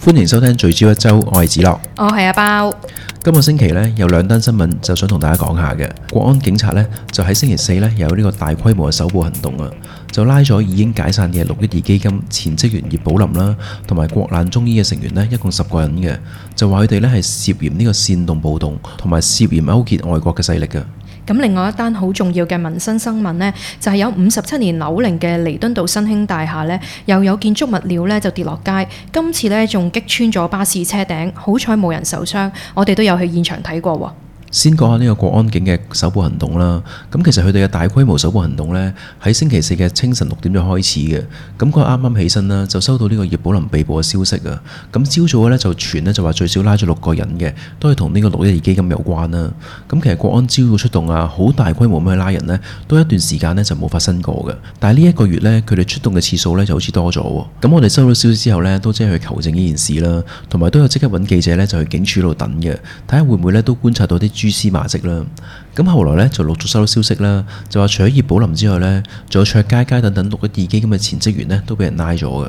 歡迎收聽聚焦一周，我係子樂，我係阿、哦啊、包。今個星期咧有兩單新聞，就想同大家講下嘅。國安警察咧就喺星期四咧有呢個大規模嘅搜捕行動啊，就拉咗已經解散嘅六一二基金前職員葉寶琳啦，同埋國難忠醫嘅成員咧，一共十個人嘅，就話佢哋咧係涉嫌呢個煽動暴動，同埋涉嫌勾結外國嘅勢力嘅。咁另外一單好重要嘅民生新聞呢，就係有五十七年樓齡嘅彌敦道新興大廈呢，又有建築物料呢就跌落街，今次呢仲擊穿咗巴士車頂，好彩冇人受傷，我哋都有去現場睇過喎。先講下呢個國安警嘅搜捕行動啦。咁其實佢哋嘅大規模搜捕行動呢，喺星期四嘅清晨六點就開始嘅。咁佢啱啱起身啦，就收到呢個葉寶琳被捕嘅消息啊。咁朝早咧就傳呢，就話最少拉咗六個人嘅，都係同呢個六一二基金有關啦。咁其實國安朝早出動啊，好大規模咁去拉人呢，都一段時間呢，就冇發生過嘅。但係呢一個月呢，佢哋出動嘅次數呢就好似多咗。咁我哋收到消息之後呢，都即係去求證呢件事啦，同埋都有即刻揾記者呢，就去警署度等嘅，睇下會唔會呢都觀察到啲蛛絲馬跡啦，咁後來咧就陸續收到消息啦，就話除咗葉寶琳之外咧，仲有卓佳佳等等六一二基金咁嘅前職員咧，都俾人拉咗嘅。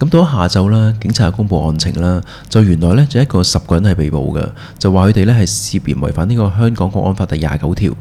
咁到咗下晝啦，警察公佈案情啦，就原來咧就一個十個人係被捕嘅，就話佢哋咧係涉嫌違反呢個香港國安法第二十九條。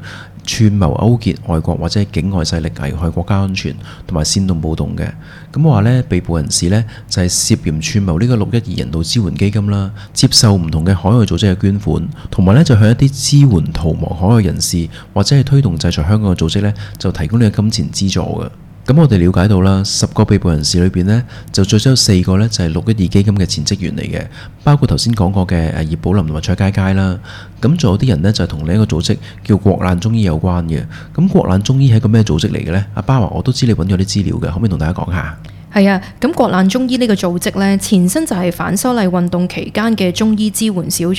串謀勾結外國或者境外勢力危害國家安全同埋煽動暴動嘅。咁話咧被捕人士咧就係涉嫌串謀呢個六一二人道支援基金啦，接受唔同嘅海外組織嘅捐款，同埋咧就向一啲支援逃亡海外人士或者係推動制裁香港嘅組織咧，就提供你嘅金錢資助嘅。咁我哋了解到啦，十個被捕人士裏邊呢，就最少有四個呢，就係六一二基金嘅前職員嚟嘅，包括頭先講過嘅誒葉寶琳同埋卓佳佳啦。咁仲有啲人呢，就係同另一個組織叫國難忠醫有關嘅。咁國難忠醫係一個咩組織嚟嘅呢？阿巴華，我都知你揾咗啲資料嘅，可唔可以同大家講下？係啊，咁國難中醫呢個組織呢，前身就係反修例運動期間嘅中醫支援小組，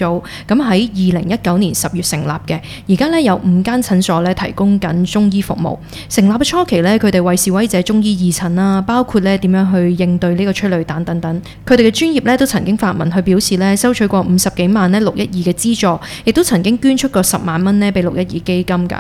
咁喺二零一九年十月成立嘅。而家呢有五間診所呢提供緊中醫服務。成立嘅初期呢，佢哋為示威者中醫義診啊，包括呢點樣去應對呢個催淚彈等等。佢哋嘅專業呢都曾經發文去表示呢收取過五十幾萬呢六一二嘅資助，亦都曾經捐出過十萬蚊呢畀六一二基金㗎。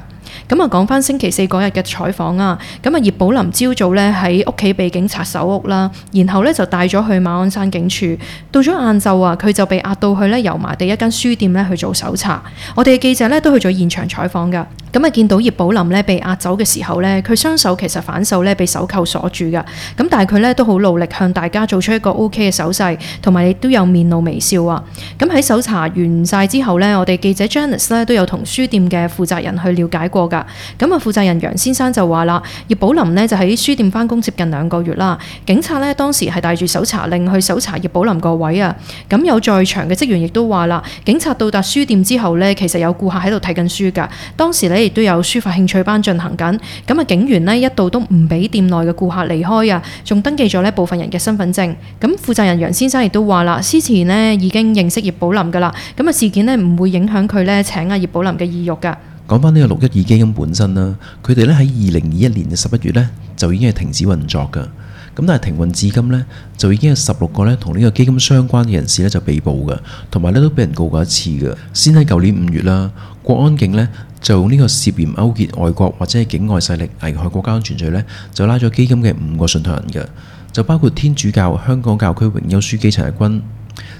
咁啊，講翻星期四嗰日嘅採訪啊，咁啊，葉寶琳朝早咧喺屋企被警察搜屋啦，然後咧就帶咗去馬鞍山警署。到咗晏晝啊，佢就被押到去咧油麻地一間書店咧去做搜查。我哋嘅記者咧都去咗現場採訪噶。咁啊，見到葉寶琳咧被押走嘅時候咧，佢雙手其實反手咧被手扣鎖住噶。咁但係佢咧都好努力向大家做出一個 OK 嘅手勢，同埋亦都有面露微笑啊。咁喺搜查完晒之後咧，我哋記者 Janice 咧都有同書店嘅負責人去了解過過噶，咁啊，負責人楊先生就話啦，葉寶琳呢，就喺書店翻工接近兩個月啦。警察呢，當時係帶住搜查令去搜查葉寶琳個位啊。咁有在場嘅職員亦都話啦，警察到達書店之後呢，其實有顧客喺度睇緊書噶。當時呢，亦都有書法興趣班進行緊。咁啊，警員呢，一度都唔俾店內嘅顧客離開啊，仲登記咗呢部分人嘅身份證。咁負責人楊先生亦都話啦，之前呢，已經認識葉寶琳噶啦。咁啊，事件呢，唔會影響佢咧請啊葉寶琳嘅意慾噶。講翻呢個六一二基金本身啦，佢哋咧喺二零二一年嘅十一月咧就已經係停止運作嘅。咁但係停運至今咧，就已經有十六個咧同呢個基金相關嘅人士咧就被捕嘅，同埋咧都俾人告過一次嘅。先喺舊年五月啦，國安警咧就用呢個涉嫌勾結外國或者係境外勢力危害國家安全罪咧，就拉咗基金嘅五個信託人嘅，就包括天主教香港教區榮休樞機陳日君、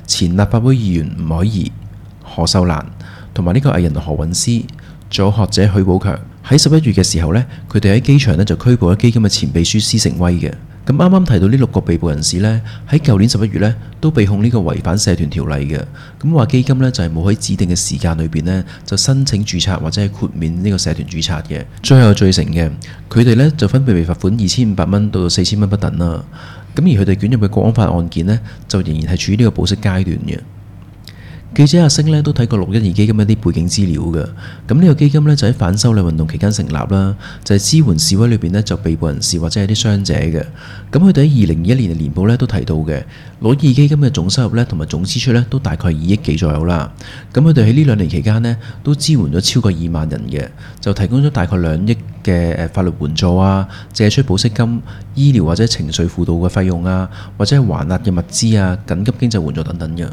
前立法會議員吳靄儀、何秀蘭同埋呢個藝人何韻詩。仲有學者許寶強，喺十一月嘅時候呢，佢哋喺機場呢就拘捕咗基金嘅前秘書施成威嘅。咁啱啱提到呢六個被捕人士呢，喺舊年十一月呢都被控呢個違反社團條例嘅。咁話基金呢就係冇喺指定嘅時間裏邊呢就申請註冊或者係豁免呢個社團註冊嘅，最後罪成嘅。佢哋呢就分別被罰款二千五百蚊到四千蚊不等啦。咁而佢哋卷入嘅國安法案件呢，就仍然係處於呢個保釋階段嘅。記者阿星咧都睇過六一二基金一啲背景資料嘅，咁呢個基金咧就喺反修例運動期間成立啦，就係、是、支援示威裏邊咧就被捕人士或者係啲傷者嘅。咁佢哋喺二零二一年嘅年報咧都提到嘅，六一二基金嘅總收入咧同埋總支出咧都大概二億幾左右啦。咁佢哋喺呢兩年期間呢，都支援咗超過二萬人嘅，就提供咗大概兩億嘅法律援助啊、借出保釋金、醫療或者情緒輔導嘅費用啊，或者係還押嘅物資啊、緊急經濟援助等等嘅。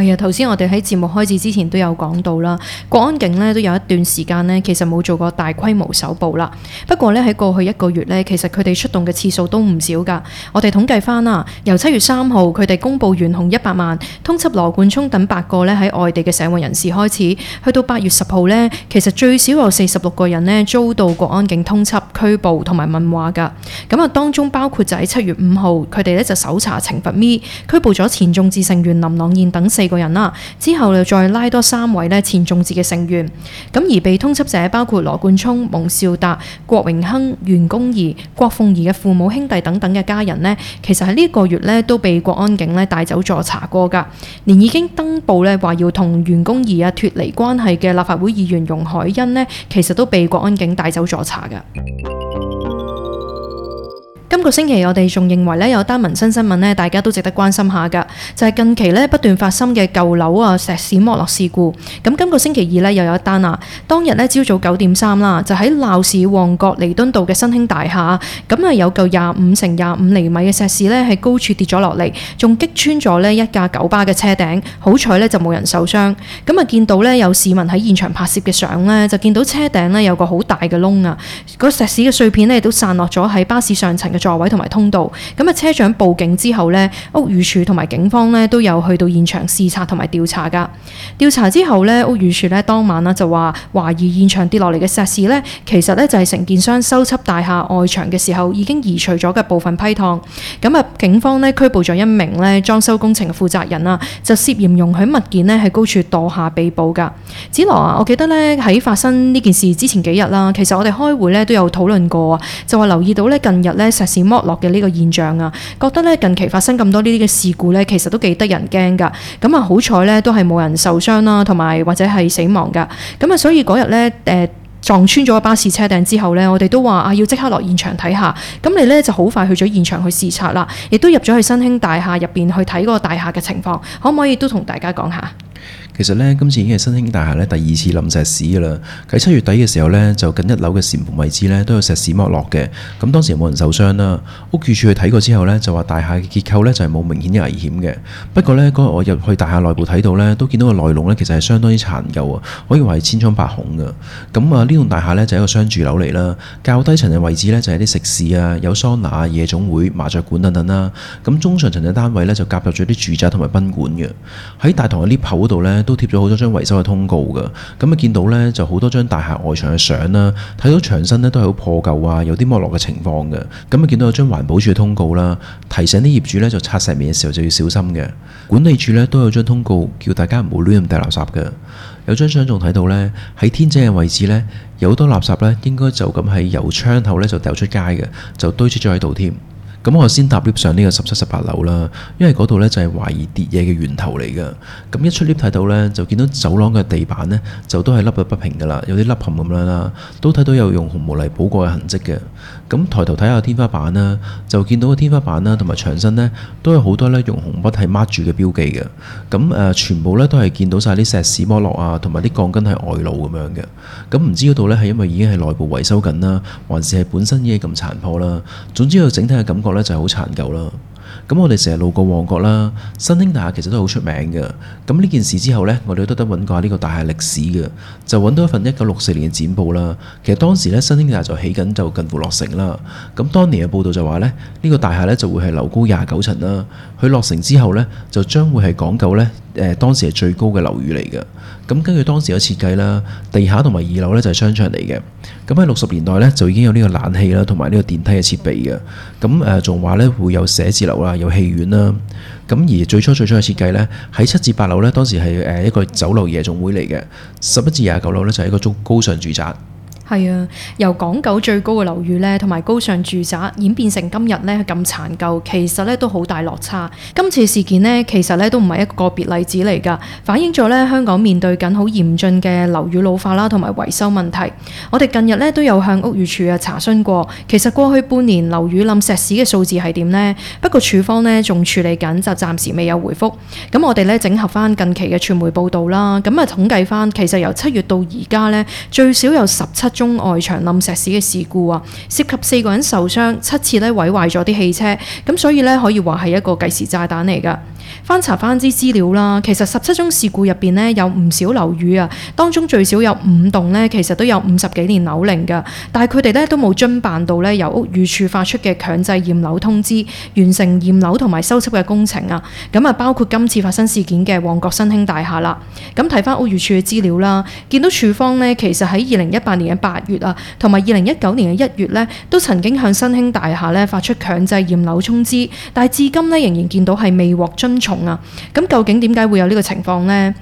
係啊，頭先、哎、我哋喺節目開始之前都有講到啦，國安警呢都有一段時間呢，其實冇做過大規模搜捕啦。不過呢，喺過去一個月呢，其實佢哋出動嘅次數都唔少㗎。我哋統計翻啦，由七月三號佢哋公佈懸紅一百萬通緝羅冠聰等八個呢喺外地嘅社會人士開始，去到八月十號呢，其實最少有四十六個人呢遭到國安警通緝拘捕同埋問話㗎。咁啊，當中包括就喺七月五號佢哋呢就搜查懲罰咪，拘捕咗前眾志成員林朗彥等四四個人啦，之後咧再拉多三位咧前眾志嘅成員，咁而被通緝者包括羅冠聰、蒙兆達、郭榮鏗、袁公儀、郭鳳儀嘅父母兄弟等等嘅家人咧，其實喺呢一個月咧都被國安警咧帶走助查過㗎，連已經登報咧話要同袁公儀啊脱離關係嘅立法會議員容海恩咧，其實都被國安警帶走助查㗎。今個星期我哋仲認為咧有單民生新聞咧，大家都值得關心下噶，就係近期咧不斷發生嘅舊樓啊石屎剝落事故。咁今個星期二咧又有一單啦。當日咧朝早九點三啦，就喺鬧市旺角彌敦道嘅新興大廈，咁啊有嚿廿五乘廿五厘米嘅石屎咧喺高處跌咗落嚟，仲擊穿咗咧一架九巴嘅車頂，好彩咧就冇人受傷。咁啊見到咧有市民喺現場拍攝嘅相咧，就見到車頂咧有個好大嘅窿啊，個石屎嘅碎片咧亦都散落咗喺巴士上層座位同埋通道，咁啊車長報警之後咧，屋宇署同埋警方咧都有去到現場視察同埋調查噶。調查之後咧，屋宇署咧當晚啦就話懷疑現場跌落嚟嘅石屎咧，其實咧就係承建商修葺大廈外牆嘅時候已經移除咗嘅部分批盪。咁啊，警方咧拘捕咗一名咧裝修工程嘅負責人啊，就涉嫌容許物件咧喺高處墮下被捕噶。子羅啊，我記得咧喺發生呢件事之前幾日啦，其實我哋開會咧都有討論過，啊，就話留意到咧近日咧是剝落嘅呢個現象啊，覺得呢近期發生咁多呢啲嘅事故呢，其實都幾得人驚噶。咁啊好彩呢都係冇人受傷啦，同埋或者係死亡噶。咁啊，所以嗰日呢，誒、呃、撞穿咗巴士車頂之後看看呢，我哋都話啊要即刻落現場睇下。咁你呢就好快去咗現場去視察啦，亦都入咗去新興大廈入邊去睇嗰個大廈嘅情況，可唔可以都同大家講下？其實呢，今次已經係新興大廈咧，第二次冧石屎啦。喺七月底嘅時候呢，就近一樓嘅前門位置呢，都有石屎剝落嘅。咁當時冇人受傷啦。屋宇署去睇過之後呢，就話大廈嘅結構呢，就係冇明顯嘅危險嘅。不過呢，嗰日我入去大廈內部睇到呢，都見到個內籠呢，其實係相當之殘舊啊，可以話係千瘡百孔噶。咁啊，呢棟大廈呢，就係一個商住樓嚟啦。較低層嘅位置呢，就係啲食肆啊，有桑拿、夜總會、麻雀館等等啦。咁中上層嘅單位呢，就夾入咗啲住宅同埋賓館嘅。喺大堂有啲度咧都貼咗好多張維修嘅通告噶，咁啊見到咧就好多張大廈外牆嘅相啦，睇到牆身咧都係好破舊啊，有啲剝落嘅情況嘅。咁啊見到有張環保署嘅通告啦，提醒啲業主咧就擦石面嘅時候就要小心嘅。管理處咧都有張通告，叫大家唔好亂咁掉垃圾嘅。有張相仲睇到咧，喺天井嘅位置咧，有好多垃圾咧，應該就咁喺由窗口咧就掉出街嘅，就堆置咗喺度添。咁我先搭 lift 上呢個十七十八樓啦，因為嗰度咧就係懷疑跌嘢嘅源頭嚟嘅。咁一出 lift 睇到咧，就見到走廊嘅地板咧就都係凹凸不平嘅啦，有啲凹陷咁樣啦，都睇到有用紅毛泥補過嘅痕跡嘅。咁抬頭睇下天花板啦，就見到個天花板啦同埋牆身咧都有好多咧用紅筆係抹住嘅標記嘅。咁誒全部咧都係見到晒啲石屎剝落啊，同埋啲鋼筋係外露咁樣嘅。咁唔知嗰度咧係因為已經係內部維修緊啦，還是係本身已經咁殘破啦？總之佢整體嘅感覺，就係好殘舊啦，咁我哋成日路過旺角啦，新興大廈其實都好出名嘅。咁呢件事之後呢，我哋都得揾過下呢個大廈歷史嘅，就揾到一份一九六四年嘅展報啦。其實當時呢，新興大廈就起緊就近乎落成啦。咁當年嘅報道就話呢，呢個大廈呢就會係樓高廿九層啦。佢落成之後呢，就將會係講究呢誒，當時係最高嘅樓宇嚟嘅。咁根據當時嘅設計啦，地下同埋二樓呢，就係商場嚟嘅。咁喺六十年代咧，就已經有呢個冷氣啦，同埋呢個電梯嘅設備嘅。咁誒，仲話咧會有寫字樓啦，有戲院啦。咁而最初最初嘅設計咧，喺七至八樓咧，當時係誒一個酒樓夜總會嚟嘅。十一至廿九樓咧，就係一個高高尚住宅。係啊，由港九最高嘅樓宇咧，同埋高尚住宅演變成今日咧咁殘舊，其實咧都好大落差。今次事件咧，其實咧都唔係一個別例子嚟㗎，反映咗咧香港面對緊好嚴峻嘅樓宇老化啦，同埋維修問題。我哋近日咧都有向屋宇署啊查詢過，其實過去半年樓宇冧石屎嘅數字係點呢？不過署方咧仲處理緊，就暫時未有回覆。咁我哋咧整合翻近期嘅傳媒報導啦，咁啊統計翻，其實由七月到而家咧最少有十七中外牆冧石屎嘅事故啊，涉及四個人受傷，七次呢毀壞咗啲汽車，咁所以呢，可以話係一個計時炸彈嚟㗎。翻查翻啲資料啦，其實十七宗事故入邊呢，有唔少樓宇啊，當中最少有五棟呢，其實都有五十幾年樓齡㗎，但係佢哋呢，都冇遵辦到呢由屋宇署發出嘅強制驗樓通知，完成驗樓同埋修葺嘅工程啊。咁啊，包括今次發生事件嘅旺角新興大廈啦。咁睇翻屋宇署嘅資料啦，見到署方呢，其實喺二零一八年嘅八月啊，同埋二零一九年嘅一月呢，都曾經向新興大廈呢發出強制驗樓通知，但係至今呢，仍然見到係未獲遵從。咁究竟點解會有呢個情況咧？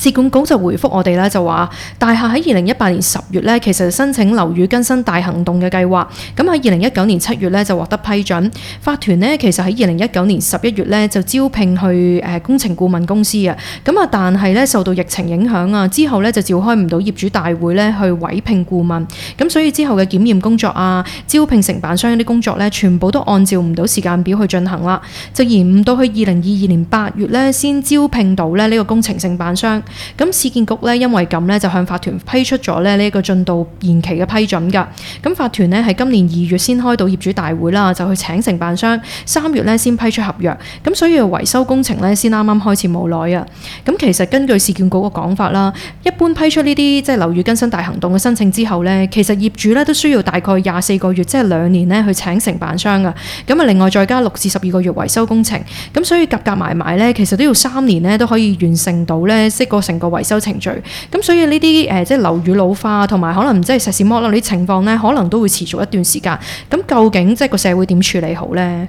置管局就回覆我哋咧，就話大廈喺二零一八年十月咧，其實申請樓宇更新大行動嘅計劃。咁喺二零一九年七月咧就獲得批准。法團呢，其實喺二零一九年十一月咧就招聘去、呃、工程顧問公司啊。咁啊，但係咧受到疫情影響啊，之後咧就召開唔到業主大會咧，去委聘顧問。咁所以之後嘅檢驗工作啊、招聘承辦商嗰啲工作咧，全部都按照唔到時間表去進行啦。就延誤到去二零二二年八月咧，先招聘到呢個工程承辦商。咁市建局咧，因為咁咧，就向法團批出咗咧呢個進度延期嘅批准㗎。咁法團呢，係今年二月先開到業主大會啦，就去請承辦商。三月咧先批出合約，咁所以要維修工程咧先啱啱開始冇耐啊。咁其實根據市建局個講法啦，一般批出呢啲即係樓宇更新大行動嘅申請之後咧，其實業主咧都需要大概廿四個月，即係兩年咧去請承辦商㗎。咁啊，另外再加六至十二個月維修工程，咁所以夾夾埋埋咧，其實都要三年咧都可以完成到咧，即係個成個維修程序咁，所以呢啲誒，即係樓宇老化，同埋可能即係石屎剝落呢啲情況呢，可能都會持續一段時間。咁究竟即係個社會點處理好呢？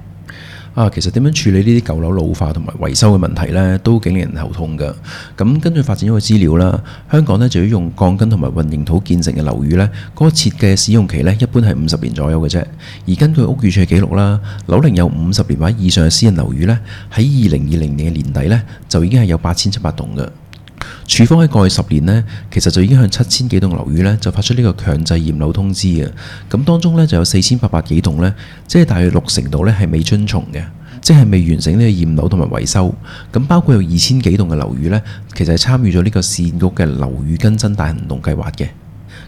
啊，其實點樣處理呢啲舊樓老化同埋維修嘅問題呢，都幾令人頭痛噶。咁根據發展局嘅資料啦，香港呢就要用鋼筋同埋混凝土建成嘅樓宇呢，嗰個設計使用期呢，一般係五十年左右嘅啫。而根據屋宇署嘅記錄啦，樓齡有五十年或以上嘅私人樓宇呢，喺二零二零年嘅年底呢，就已經係有八千七百棟嘅。署方喺過去十年呢，其實就已經向七千幾棟樓宇呢就發出呢個強制驗樓通知嘅。咁當中呢，就有四千八百幾棟呢，即係大約六成度呢係未遵從嘅，即係未完成呢個驗樓同埋維修。咁包括有二千幾棟嘅樓宇呢，其實係參與咗呢個善局嘅樓宇更新大行動計劃嘅。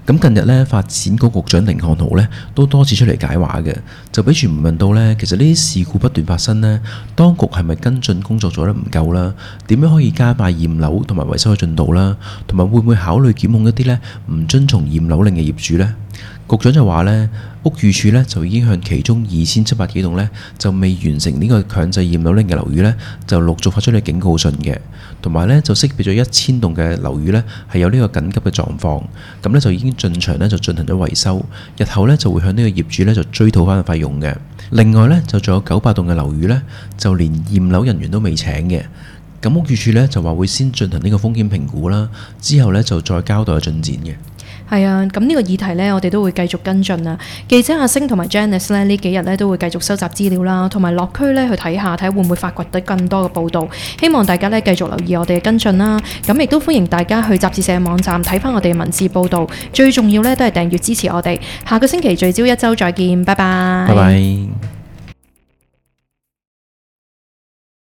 咁近日咧，發展局局長甯漢豪咧都多次出嚟解話嘅，就俾傳媒問到咧，其實呢啲事故不斷發生咧，當局係咪跟進工作做得唔夠啦？點樣可以加快驗樓同埋維修嘅進度啦？同埋會唔會考慮檢控一啲咧唔遵從驗樓令嘅業主咧？局長就話咧，屋宇署咧就已經向其中二千七百幾棟咧就未完成呢個強制驗樓令嘅樓宇咧，就陸續發出嚟警告信嘅。同埋咧就識別咗一千棟嘅樓宇咧係有呢個緊急嘅狀況，咁咧就已經進場咧就進行咗維修，日後咧就會向呢個業主咧就追討翻嘅費用嘅。另外咧就仲有九百棟嘅樓宇咧，就連驗樓人員都未請嘅，咁屋宇署咧就話會先進行呢個風險評估啦，之後咧就再交代進展嘅。係啊，咁呢個議題呢，我哋都會繼續跟進啦。記者阿星同埋 Janice 呢，呢幾日咧都會繼續收集資料啦，同埋落區咧去睇下，睇下會唔會發掘得更多嘅報導。希望大家呢，繼續留意我哋嘅跟進啦。咁亦都歡迎大家去集誌社嘅網站睇返我哋嘅文字報導。最重要呢，都係訂閲支持我哋。下個星期聚焦一周，再見，拜拜。拜拜。